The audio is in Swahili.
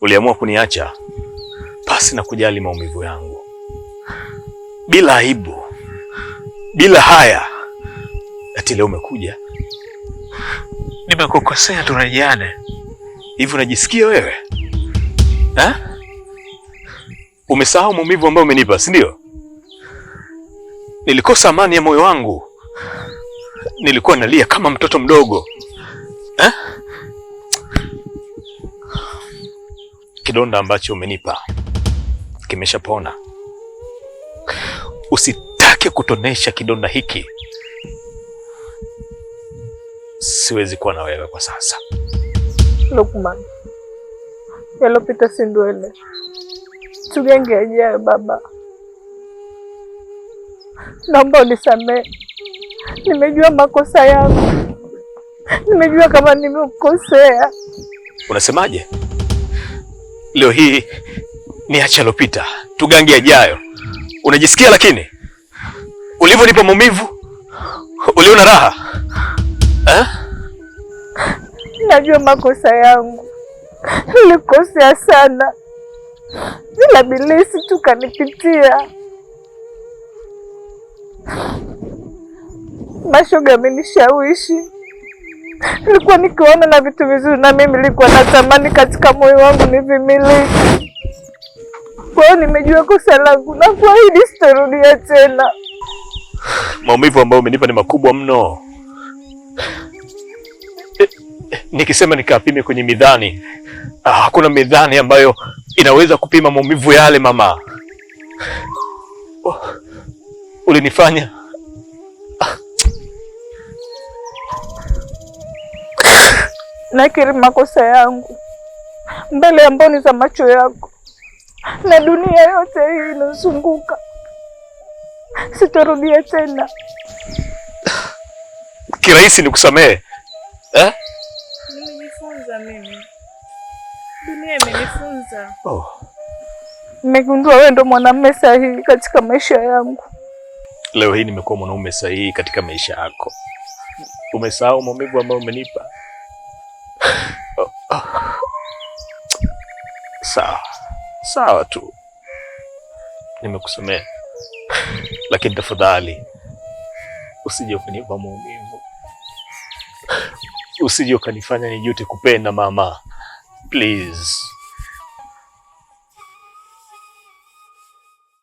uliamua kuniacha pasi na kujali maumivu yangu, bila aibu, bila haya, ati leo umekuja. Nimekukosea, turejeane. Hivi unajisikia wewe ha? Umesahau maumivu ambayo umenipa, si ndio? Nilikosa amani ya moyo wangu, nilikuwa nalia kama mtoto mdogo ha? kidonda ambacho umenipa kimeshapona. Usitake kutonesha kidonda hiki, siwezi kuwa na wewe kwa sasa. Lukman, yalopita sindwele ndwele, tugange Baba, naomba unisamehe, nimejua makosa yangu, nimejua kama nimekosea Unasemaje? leo hii ni acha lopita, tugange ajayo Unajisikia lakini ulivyonipa maumivu, uliona raha eh? Najua makosa yangu, nilikosea sana, ila bilisi tu kanipitia. Mashoga amenishawishi nilikuwa nikiona na vitu vizuri, na mimi nilikuwa natamani katika moyo wangu nivimiliki. Kwa hiyo nimejua kosa langu na kuahidi sitarudia tena. Maumivu ambayo umenipa ni makubwa mno. E, e, nikisema nikapime kwenye midhani, ah, hakuna midhani ambayo inaweza kupima maumivu yale. Mama, oh, ulinifanya nakiri makosa yangu mbele ya mboni za macho yako na dunia yote hii inazunguka. Sitarudia tena. Kirahisi ni kusamehe eh? Nimejifunza mimi, dunia imenifunza. Oh, wewe ndo mwanamume sahihi katika maisha yangu. Leo hii nimekuwa mwanaume sahihi katika maisha yako. Umesahau maumivu ambayo umenipa sawa sawa tu, nimekusomea lakini tafadhali usije kunipa maumivu, usije ukanifanya nijute kupenda mama, please.